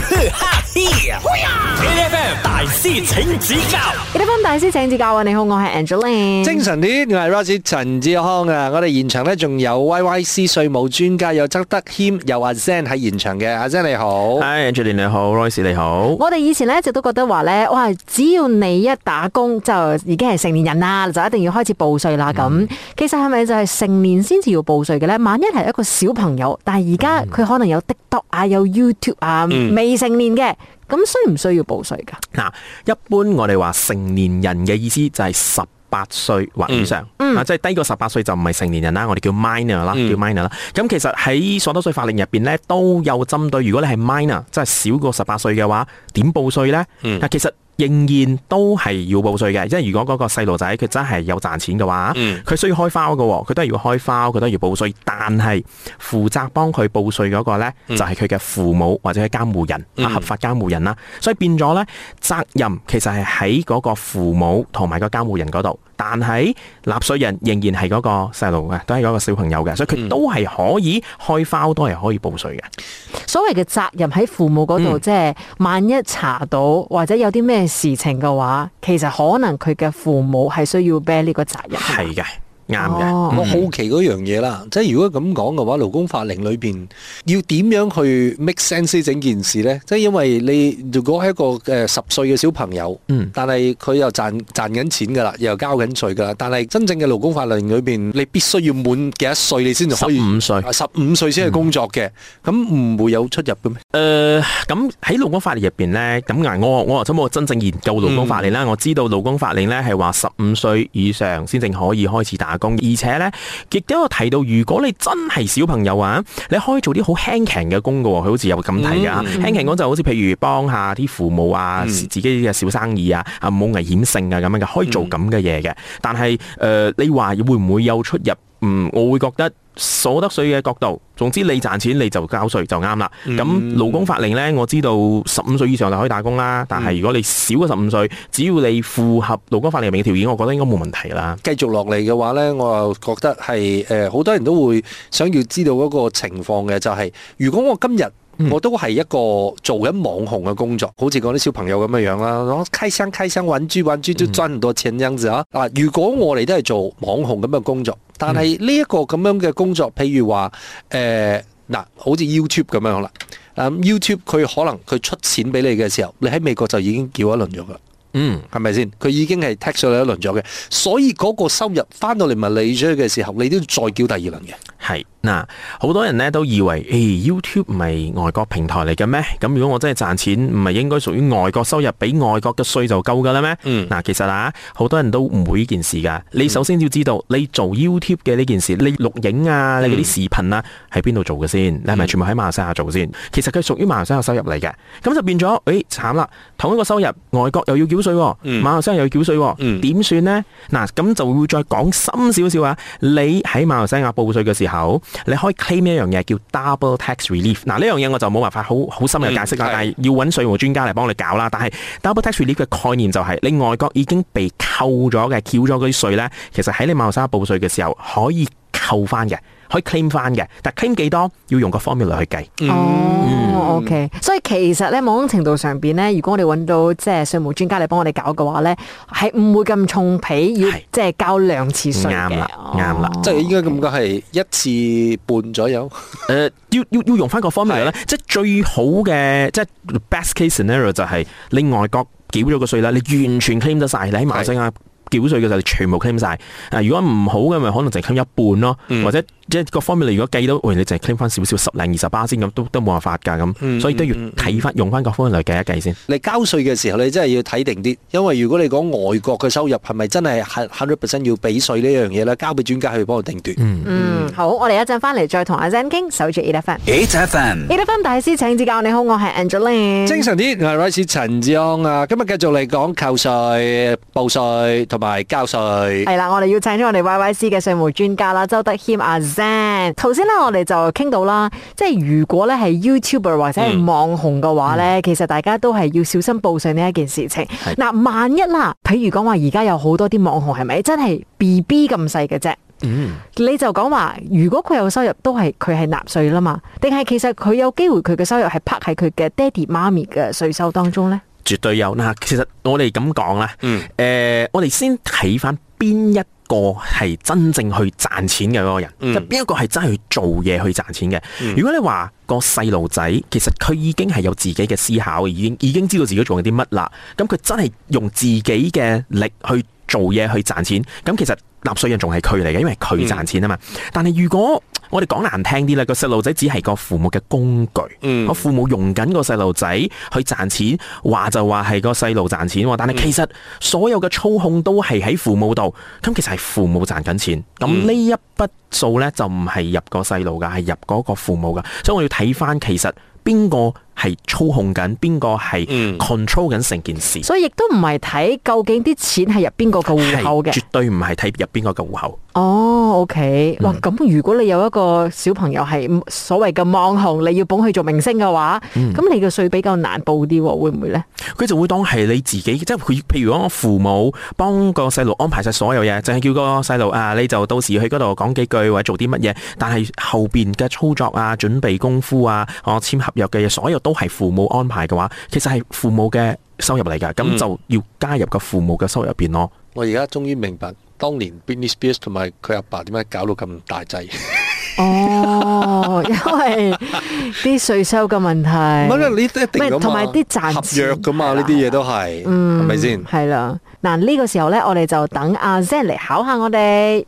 啊、air, 大師請指教，K D F 大師請指教。啊。 你好，我係 Angeline。精神啲，我係 Rossy 陳志康啊！我哋現場呢，仲有 Y Y C 稅務專家，有曾德謙，又阿 Sam 喺現場嘅。阿 Sam 你好，Hi, Angeline 你好，Rossy 你好。我哋以前呢，一直都覺得話呢：「哇！只要你一打工就已經係成年人啦，就一定要開始報稅啦。咁、嗯、其實係咪就係成年先至要報稅嘅呢？萬一係一個小朋友，但係而家佢可能有 TikTok、嗯、啊，有 YouTube 啊，未成年嘅咁需唔需要報稅噶？嗱，一般我哋話成年人嘅意思就係十八歲或以上，啊、嗯，嗯、即係低過十八歲就唔係成年人啦，我哋叫 minor 啦、嗯，叫 minor 啦。咁其實喺所得稅法令入邊咧，都有針對，如果你係 minor，即係少過十八歲嘅話，點報稅咧？嗱、嗯，其實。仍然都係要報稅嘅，即係如果嗰個細路仔佢真係有賺錢嘅話，佢、嗯、需要開包嘅，佢都係要開包，佢都係要報稅。但係負責幫佢報稅嗰個呢，就係佢嘅父母或者係監護人、嗯、合法監護人啦。所以變咗呢，責任其實係喺嗰個父母同埋個監護人嗰度。但係納稅人仍然係嗰個細路嘅，都係嗰個小朋友嘅，所以佢都係可以、嗯、開包，都係可以報稅嘅。所謂嘅責任喺父母嗰度，嗯、即係萬一查到或者有啲咩事情嘅話，其實可能佢嘅父母係需要 bear 呢個責任。係嘅。啱嘅，我、哦嗯、好奇嗰樣嘢啦，即係如果咁講嘅話，勞工法令裏邊要點樣去 make sense 整件事呢？即係因為你如果喺一個誒十歲嘅小朋友，嗯、但係佢又賺賺緊錢噶啦，又交緊稅噶啦，但係真正嘅勞工法令裏邊，你必須要滿幾多歲你先至可以？十五歲，十五歲先係工作嘅，咁唔、嗯、會有出入嘅咩？誒、呃，咁喺勞工法令入邊呢，咁誒，我我又想我真正研究勞工法令啦，嗯、我知道勞工法令呢係話十五歲以上先正可以開始打。而且咧亦都有提到，如果你真係小朋友啊，你可以做啲好輕鬆嘅工噶，佢好似又會咁睇噶。輕鬆講就好似譬如幫下啲父母啊，嗯、自己嘅小生意啊，啊冇危險性啊咁樣嘅，可以做咁嘅嘢嘅。但係誒、呃，你話會唔會有出入？嗯，我會覺得所得稅嘅角度，總之你賺錢你就交稅就啱啦。嗯、咁勞工法令呢，我知道十五歲以上就可以打工啦。但係如果你少過十五歲，只要你符合勞工法令嘅條件，我覺得應該冇問題啦。繼續落嚟嘅話呢，我又覺得係誒，呃、好多人都會想要知道嗰個情況嘅，就係、是、如果我今日。嗯、我都係一個做緊網紅嘅工作，好似嗰啲小朋友咁嘅樣啦，我開箱開箱玩具玩具都賺唔多錢樣子啊！啊、嗯，如果我哋都係做網紅咁嘅工作，但係呢一個咁樣嘅工作，譬如話誒嗱，好似 you、嗯、YouTube 咁樣啦，YouTube 佢可能佢出錢俾你嘅時候，你喺美國就已經繳一輪咗啦。嗯，係咪先？佢已經係 tax 上咗一輪咗嘅，所以嗰個收入返到嚟咪利出去嘅時候，你都要再繳第二輪嘅，係。嗱，好多人咧都以為，誒、欸、，YouTube 唔係外國平台嚟嘅咩？咁如果我真係賺錢，唔係應該屬於外國收入，俾外國嘅稅就夠噶啦咩嗱、嗯，其實啊，好多人都唔會呢件事噶。你首先要知道，你做 YouTube 嘅呢件事，嗯、你錄影啊，你嗰啲視頻啊，喺邊度做嘅先？你係咪全部喺馬來西亞做先？嗯、其實佢屬於馬來西亞收入嚟嘅。咁就變咗，誒、哎，慘啦，同一個收入，外國又要繳稅、啊，嗯、馬來西亞又要繳稅、啊，點、嗯嗯、算呢？嗱，咁就會再講深少少啊。你喺馬來西亞報稅嘅時候。你可以 claim 呢樣嘢叫 double tax relief。嗱，呢樣嘢我就冇辦法好好深入解釋啦，嗯、但係要揾稅務專家嚟幫你搞啦。但係 double tax relief 嘅概念就係、是、你外國已經被扣咗嘅繳咗嗰啲稅呢，其實喺你馬來西亞報稅嘅時候可以扣翻嘅。可以 claim 翻嘅，但 claim 幾多要用個 formula 嚟去計。哦，OK，所以其實咧，某種程度上邊咧，如果我哋揾到即係稅務專家嚟幫我哋搞嘅話咧，係唔會咁重皮，要兩 formula, 是即係交兩次稅啱啦，啱啦，即係應該咁講係一次半左右。誒，要要要用翻個 formula 咧，即係最好嘅，即係 best case scenario 就係、是、你外國繳咗個稅啦，你完全 claim 得晒，你喺馬來西亞繳稅嘅時候就全部 claim 晒。是如果唔好嘅咪可能淨 claim 一半咯，嗯、或者。即係各方面，你如果計到，喂，你淨係 claim 返少少，少十零二十巴仙咁，都都冇辦法㗎咁，嗯、所以都要睇翻用翻各方面嚟計一計先。你交稅嘅時候，你真係要睇定啲，因為如果你講外國嘅收入係咪真係一百 percent 要俾稅呢樣嘢咧，交俾專家去幫我定奪。嗯嗯、好，我哋一陣翻嚟再同阿 Zen 傾，守住 Eight FM。Eight FM 大師請指教你。你好，我係 Angeline 精神啲，Y Y C 陳志安啊，今日繼續嚟講扣稅、報稅同埋交稅。係啦，我哋要請出我哋 Y Y C 嘅稅務專家啦，周德謙阿。咧，頭先咧我哋就傾到啦，即係如果咧係 YouTuber 或者係網紅嘅話咧，嗯、其實大家都係要小心報稅呢一件事情。嗱是，萬一啦，譬如講話而家有好多啲網紅係咪真係 BB 咁細嘅啫？嗯，你就講話如果佢有收入，都係佢係納稅啦嘛？定係其實佢有機會佢嘅收入係拍喺佢嘅爹哋媽咪嘅稅收當中咧？絕對有嗱，其實我哋咁講啦，嗯，誒、呃，我哋先睇翻。邊一個係真正去賺錢嘅嗰個人？就邊、嗯、一個係真係去做嘢去賺錢嘅？嗯、如果你話、那個細路仔，其實佢已經係有自己嘅思考，已經已經知道自己做緊啲乜啦。咁佢真係用自己嘅力去做嘢去賺錢。咁其實納稅人仲係佢嚟嘅，因為佢賺錢啊嘛。嗯、但係如果，我哋講難聽啲啦，個細路仔只係個父母嘅工具。我、嗯、父母用緊個細路仔去賺錢，話就話係個細路賺錢，但係其實所有嘅操控都係喺父母度。咁其實係父母賺緊錢，咁呢一筆數咧就唔係入個細路噶，係入嗰個父母噶。所以我要睇翻其實邊個。係操控緊邊個係 control 緊成件事，嗯、所以亦都唔係睇究竟啲錢係入邊個個戶口嘅，絕對唔係睇入邊個個戶口。哦、oh，OK，咁、嗯、如果你有一個小朋友係所謂嘅網紅，你要捧佢做明星嘅話，咁、嗯、你嘅稅比較難報啲，會唔會呢？佢就會當係你自己，即係譬如如果我父母幫個細路安排晒所有嘢，淨係叫個細路啊，你就到時去嗰度講幾句或者做啲乜嘢，但係後邊嘅操作啊、準備功夫啊、我簽合約嘅嘢，所有都。都係父母安排嘅話，其實係父母嘅收入嚟噶，咁就要加入個父母嘅收入入邊咯。我而家終於明白當年 businesses 同埋佢阿爸點解搞到咁大劑。哦，因為啲稅收嘅問題。唔係啦，你都一定咁啊。同埋啲賺合約噶嘛，呢啲嘢都係，係咪先？係啦，嗱呢個時候咧，我哋就等阿 Zen 嚟考下我哋。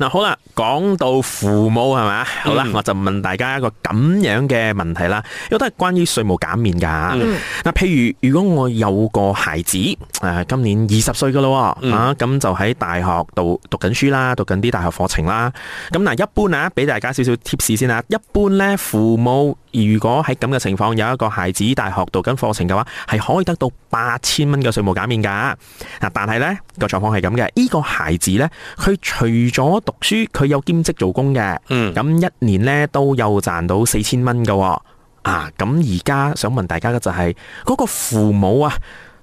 嗱、啊、好啦，講到父母係咪？好啦，嗯、我就問大家一個咁樣嘅問題啦，因為都係關於稅務減免㗎嚇、啊。嗱、嗯啊，譬如如果我有個孩子，誒、啊、今年二十歲㗎咯，嚇咁、嗯啊、就喺大學度讀緊書啦，讀緊啲大學課程啦。咁嗱，一般啊，俾大家少少貼士先啊。一般咧，父母，如果喺咁嘅情況有一個孩子大學讀緊課程嘅話，係可以得到八千蚊嘅稅務減免噶。嗱，但係呢個狀況係咁嘅，呢個孩子呢，佢除咗讀書，佢有兼職做工嘅。嗯，咁一年呢都有賺到四千蚊噶。啊，咁而家想問大家嘅就係嗰個父母啊，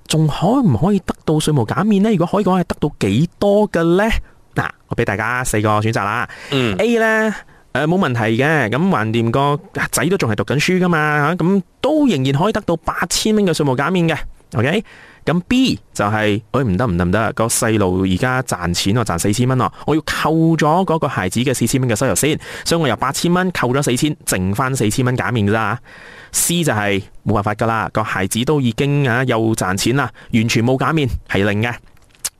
仲可唔可以得到稅務減免呢？如果可以嘅話，係得到幾多嘅呢？嗱，我俾大家四個選擇啦。嗯，A 咧，誒，冇問題嘅，咁橫掂個仔都仲係讀緊書噶嘛，咁都仍然可以得到八千蚊嘅稅務減免嘅，ok，咁 B 就係，哎唔得唔得唔得，個細路而家賺錢啊，賺四千蚊啊，我要扣咗嗰個孩子嘅四千蚊嘅收入先，所以我由八千蚊扣咗四千，剩翻四千蚊減免噶啦，C 就係冇辦法噶啦，個孩子都已經啊又賺錢啦，完全冇減免，係零嘅。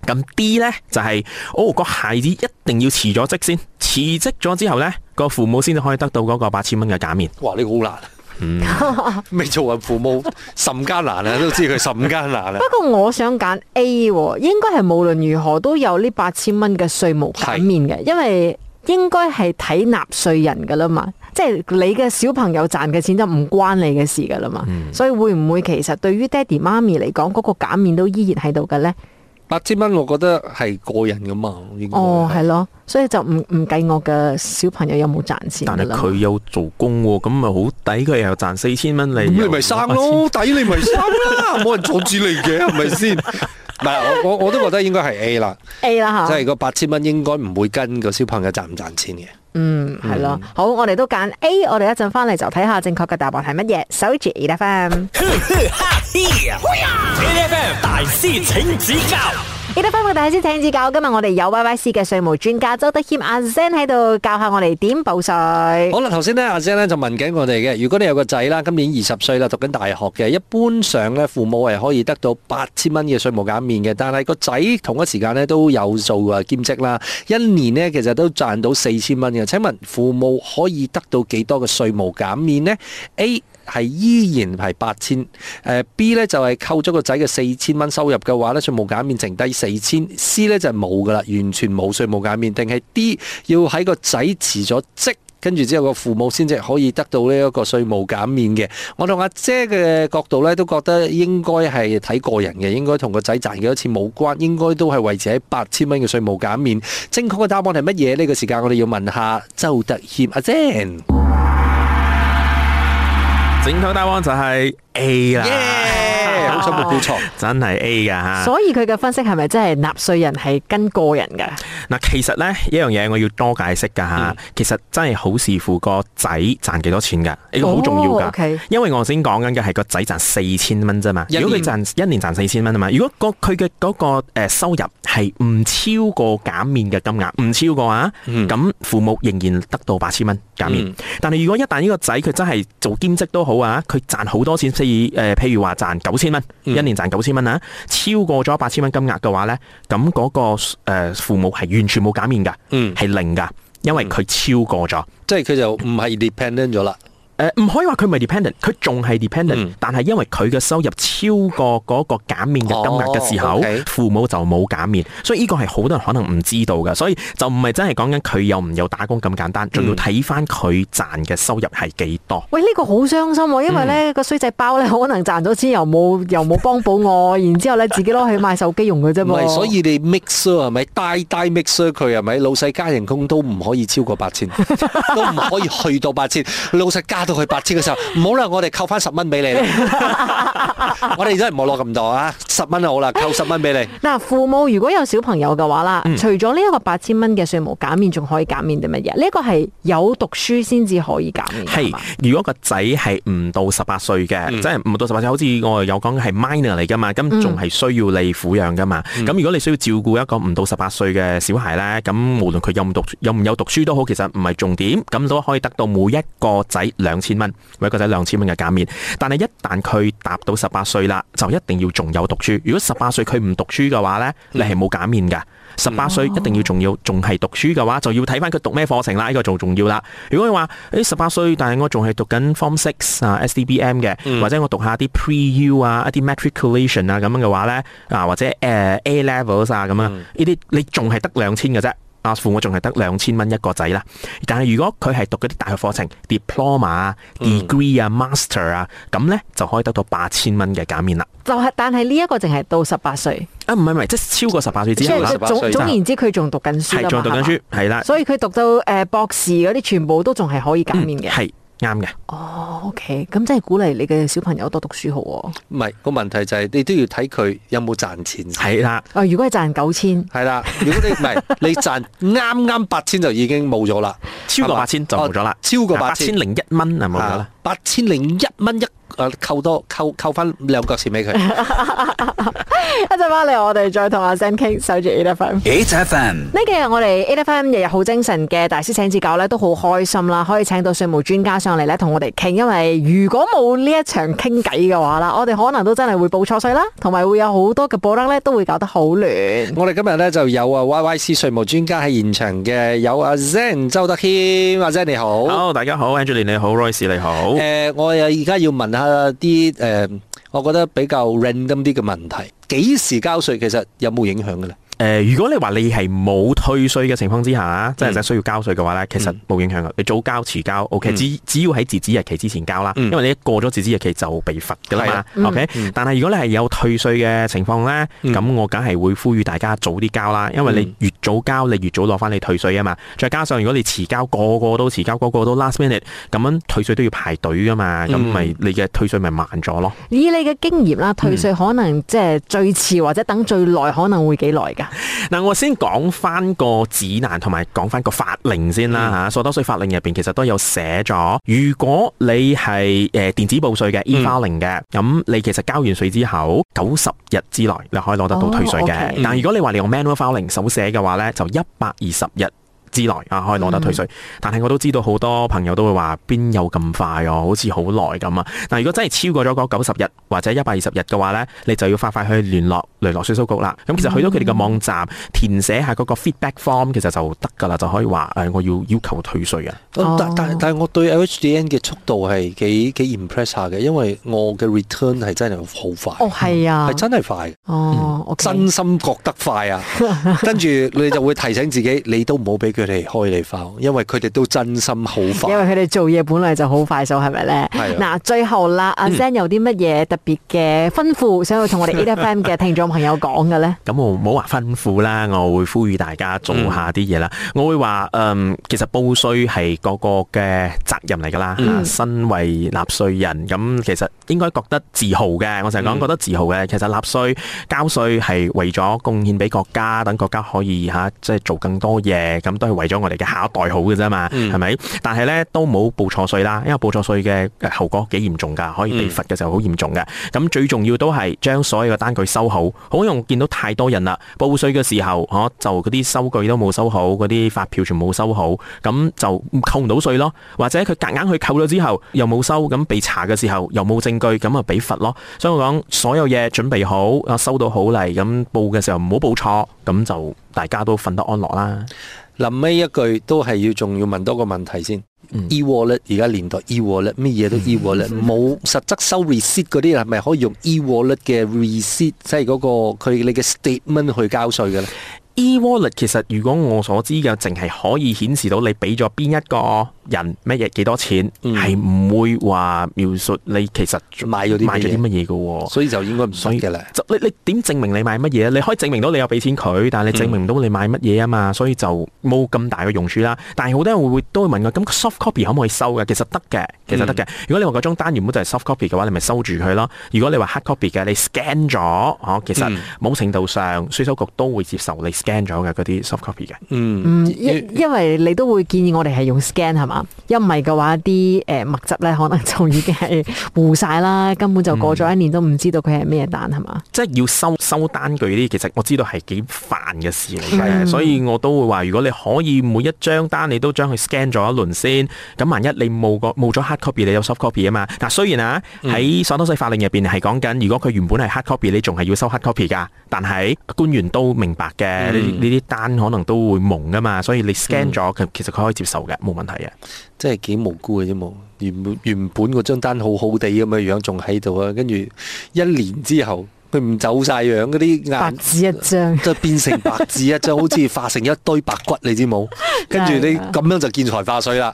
咁 D 呢，就係、是、哦、那個孩子一定要辭咗職先辭職，辭職咗之後呢，個父母先至可以得到嗰個八千蚊嘅減免。哇，呢個好難，未做啊父母甚艱難啊，嗯、 難都知佢甚艱難啊。 不過我想揀 A，應該係無論如何都有呢八千蚊嘅稅務減免嘅，是因為應該係睇納稅人噶啦嘛，即、就、係、是、你嘅小朋友賺嘅錢就唔關你嘅事噶啦嘛，嗯、所以會唔會其實對於爹哋媽咪嚟講嗰個減免都依然喺度嘅呢？八千蚊，我覺得係個人噶嘛，應該哦係咯，所以就唔唔計我嘅小朋友有冇賺錢。但係佢有做工喎，哦，咁咪好抵，佢又賺四千蚊你，咁你咪生咯，抵你咪生啦，啊，冇 人阻止你嘅係咪先？嗱 不， 我我我都覺得應該係 A 啦，A 啦了吓，即係個八千蚊應該唔會跟個小朋友賺唔賺錢嘅。Mm. Ar, 嗯，係咯，好，我哋都揀 A，我哋一陣翻嚟，就睇下正確嘅答案係乜嘢，收、so、住，二 e f 二 def 大師，請指教。記得翻學大師請指教今，今日我哋有 Y Y c 嘅稅務專家周德謙阿 s 聲喺度教下我哋點報稅。好啦，頭先咧阿聲咧就問緊我哋嘅，如果你有個仔啦，今年二十歲啦，讀緊大學嘅，一般上呢父母係可以得到八千蚊嘅稅務減免嘅，但係個仔同一時間呢都有做啊兼職啦，一年呢其實都賺到四千蚊嘅，請問父母可以得到幾多嘅稅務減免呢 a 係依然係八千，誒 B 呢就係扣咗個仔嘅四千蚊收入嘅話呢稅務減免剩低幾千？C 咧就冇㗎喇，完全冇稅務減免，定係 D 要喺個仔辭咗職，跟住之後個父母先至可以得到呢一個稅務減免嘅。我同阿姐嘅角度咧都覺得應該係睇個人嘅，應該同個仔賺幾多錢冇關，應該都係維持喺八千蚊嘅稅務減免。正確嘅答案係乜嘢？呢、這個時間我哋要問下周德謙阿姐，姐，正確答案就係、是。Yeah, A 啦，嘅真係 A 噶吓。所以佢嘅分析係咪真係納稅人係跟個人噶？嗱，其實咧一樣嘢我要多解釋噶吓。嗯、其實真係好視乎賺個仔賺幾多錢噶，呢個好重要噶。哦 okay、因為我先講緊嘅係個仔賺四千蚊啫嘛，如果佢賺一年賺四千蚊啊嘛，如果個佢嘅嗰個誒收入係唔超過減免嘅金額，唔超過啊，咁、嗯、父母仍然得到八千蚊減免。嗯、但係如果一旦呢個仔佢真係做兼職都好啊，佢賺好多錢誒、呃，譬如話賺九千蚊，一年賺九千蚊啊，超過咗八千蚊金額嘅話咧，咁嗰、那個誒、呃、父母係完全冇減免噶，係、嗯、零噶，因為佢超過咗、嗯，即係佢就唔係 dependent 咗啦。誒，唔、呃、可以話佢唔係 dependent，佢仲係 dependent，、嗯、但係因為佢嘅收入超過嗰個減免嘅金額嘅時候，哦 okay、父母就冇減免，所以呢個係好多人可能唔知道嘅，所以就唔係真係講緊佢有唔有打工咁簡單，仲、嗯、要睇翻佢賺嘅收入係幾多。喂，呢、這個好傷心啊，因為呢個衰仔包咧可能賺咗錢又冇又冇幫補我，然之後咧自己攞去買手機用嘅啫噃。所以你 mix 啊、er,，咪帶帶 mix 佢啊，咪老細加人工都唔可以超過八千，都唔可以去到八千，老細加。到去八千嘅時候，唔好啦，我哋扣翻十蚊俾你 我哋真係唔好攞咁多啊，十蚊就好啦，扣十蚊俾你。嗱，父母如果有小朋友嘅話啦，嗯、除咗呢一個八千蚊嘅稅務減免，仲可以減免啲乜嘢？呢個係有讀書先至可以減嘅。係是，吧如果個仔係唔到十八歲嘅，嗯、即係唔到十八歲，好似我有講係 minor 嚟噶嘛，咁仲係需要你撫養噶嘛。咁、嗯、如果你需要照顧一個唔到十八歲嘅小孩咧，咁無論佢有唔讀有唔有讀書都好，其實唔係重點，咁都可以得到每一個仔兩兩千蚊，或者兩千蚊嘅減免。但係一旦佢達到十八歲啦，就一定要仲有讀書。如果十八歲佢唔讀書嘅話呢，你係冇減免噶。十八歲一定要仲要，仲係讀書嘅話就要睇翻佢讀咩課程啦。呢個仲重要啦。如果你話誒十八歲，但係我仲係讀緊 form six 啊、S T B M 嘅，或者我讀下啲 pre U 啊、一啲 matriculation 啊咁樣嘅話呢，啊或者誒 A levels 啊咁樣啊呢啲你仲係得兩千嘅啫。父母仲係得兩千蚊一個仔啦，但係如果佢係讀嗰啲大學課程，diploma 啊、degree 啊、嗯、master 啊，咁呢就可以得到八千蚊嘅減免啦。就係，但係呢一個淨係到十八歲。啊，唔係唔係，即係超過十八歲之後啦總。總言之，佢仲讀緊書。係仲吧讀緊書，係啦。所以佢讀到誒博士嗰啲，全部都仲係可以減免嘅。係、嗯。啱嘅，哦，oh，OK，咁即係鼓勵你嘅小朋友多讀書好喎，哦。唔係，個問題就係你都要睇佢有冇賺錢。係啦的，哦，如果係賺九千，係 啦。如果你唔係，你賺啱啱八千就已經冇咗啦，超過八千就冇咗啦，超過八千零一蚊係冇咗啦，八千零一蚊一，誒，扣多扣扣翻兩角錢俾佢。 一陣翻嚟，我哋再同阿 Sam 傾，守住 Eight FM。Eight FM 呢幾日我哋 Eight FM 日日好精神嘅大師請指教咧，都好開心啦，可以請到稅務專家上嚟咧，同我哋傾。因為如果冇呢一場傾偈嘅話啦，我哋可能都真係會報錯稅啦，同埋會有好多嘅波粒咧都會搞得好亂。我哋今日咧就有啊 Y Y C 稅務專家喺現場嘅，有阿 Zen 周德謙，阿 Zen 你好，Hello，大家好，Angelina 你好，Royce 你好。誒、呃，我而家要問一下啲誒、呃，我覺得比較 random 啲嘅問題。幾時交稅，其實有冇影響嘅呢？誒、呃，如果你話你係冇退稅嘅情況之下即係、嗯、真係需要交稅嘅話咧，其實冇影響嘅。你早交、遲交，O、okay? K，、嗯、只只要喺截止日期之前交啦，嗯、因為你一過咗截止日期就被罰噶啦嘛。O K，但係如果你係有退稅嘅情況咧，咁、嗯、我梗係會呼籲大家早啲交啦，因為你越早交，你越早攞翻你退稅啊嘛。再加上如果你遲交，個個都遲交，個個都 last minute，咁樣退稅都要排隊噶嘛，咁咪、嗯、你嘅退稅咪慢咗咯？嗯、以你嘅經驗啦，退稅可能即係最遲或者等最耐可能會幾耐噶？嗱，我先講翻個指南，同埋講翻個法令先啦吓。Mm. 所得稅法令入邊其實都有寫咗，如果你係誒電子報稅嘅 e filing 嘅，咁、mm. 你其實交完稅之後九十日之內你可以攞得到退稅嘅。Oh, okay. 但如果你話你用 manual filing 手寫嘅話呢，就一百二十日，之內啊，可以攞得退稅，但係我都知道好多朋友都會話邊有咁快哦，啊，好似好耐咁啊！但如果真係超過咗嗰九十日或者一百二十日嘅話呢，你就要快快去聯絡雷諾稅收局啦。咁其實去到佢哋嘅網站，填寫下嗰個 feedback form，其實就得㗎啦，就可以話誒我要要求退稅啊。哦！但係但係我對，LHDN 嘅速度係幾幾 impress 下嘅，因為我嘅 return 係真係好快哦，係啊，係，嗯，真係快的，哦 okay. 嗯，真心覺得快啊！跟住 你就會提醒自己，你都唔好俾。佢哋開得快，因為佢哋都真心好快。因為佢哋做嘢本嚟就好快手，係咪咧？嗱，最後啦，阿 Sam 有啲乜嘢特別嘅吩咐，想要同我哋 ATFM 嘅聽眾朋友講嘅咧？咁我唔好話吩咐啦，我會呼籲大家做下啲嘢啦。我會話誒，其實報稅係個個嘅責任嚟㗎啦。嚇，身為納稅人，咁其實應該覺得自豪嘅。我成日講覺得自豪嘅，其實納稅、交稅係為咗貢獻俾國家，等國家可以嚇即係做更多嘢咁多。係為咗我哋嘅下一代好嘅啫嘛，係咪、嗯？但係咧，都冇報錯稅啦，因為報錯稅嘅後果幾嚴重噶，可以被罰嘅時候好嚴重嘅。咁、嗯、最重要都係將所有嘅單據收好，好容易見到太多人啦。報稅嘅時候，我、啊、就嗰啲收據都冇收好，嗰啲發票全部冇收好，咁就扣唔到稅咯。或者佢夾硬，硬去扣咗之後，又冇收，咁被查嘅時候又冇證據，咁啊俾罰咯。所以我講所有嘢準備好，啊收到好嚟，咁報嘅時候唔好報錯，咁就大家都瞓得安樂啦。臨尾一句都係要仲要問多個問題先、嗯 e。e wallet 而家年代 e wallet 咩嘢都 e wallet 冇、嗯嗯、實質收 receipt 嗰啲係咪可以用 e wallet 嘅 receipt 即係嗰、嗰個佢你嘅 statement 去交稅嘅咧？e wallet 其實如果我所知嘅淨係可以顯示到你俾咗邊一個。人乜嘢幾多錢係唔、嗯、會話描述你其實買咗啲買咗啲乜嘢噶，嗯、所以就應該唔需要嘅啦。你你點證明你買乜嘢啊？你可以證明到你有俾錢佢，但係你證明唔到你買乜嘢啊嘛，所以就冇咁大嘅用處啦。但係好多人會都會問我，咁 soft copy 可唔可以收嘅？其實得嘅，其實得嘅。如果你話嗰張單原本就係 soft copy 嘅話，你咪收住佢咯。如果你話 hard copy 嘅，你 scan 咗，其實某程度上，稅收局都會接受你 scan 咗嘅嗰啲 soft copy 嘅。因、嗯、因為你都會建議我哋係用 scan 係嘛？一唔係嘅話，啲誒墨汁咧可能就已經係糊晒啦，根本就過咗一年都唔知道佢係咩單係嘛？嗯、吧即係要收收單據啲，其實我知道係幾煩嘅事嚟嘅，嗯、所以我都會話，如果你可以每一張單你都將佢 scan 咗一輪先，咁萬一你冇冇咗 hard copy，你有 soft copy 啊嘛？嗱、啊，雖然啊喺《嗯、所得稅法令》入邊係講緊，如果佢原本係 hard copy，你仲係要收 hard copy 噶，但係官員都明白嘅，呢呢啲單可能都會蒙噶嘛，所以你 scan 咗，其實佢可以接受嘅，冇問題嘅。真係幾無辜嘅啫，冇原本原本嗰張單好好地咁嘅樣，仲喺度啊！跟住一年之後，佢唔走晒樣嗰啲銀紙一張，即 係變成白紙一張，好似化成一堆白骨，你知冇？跟住你咁樣就見財化水啦。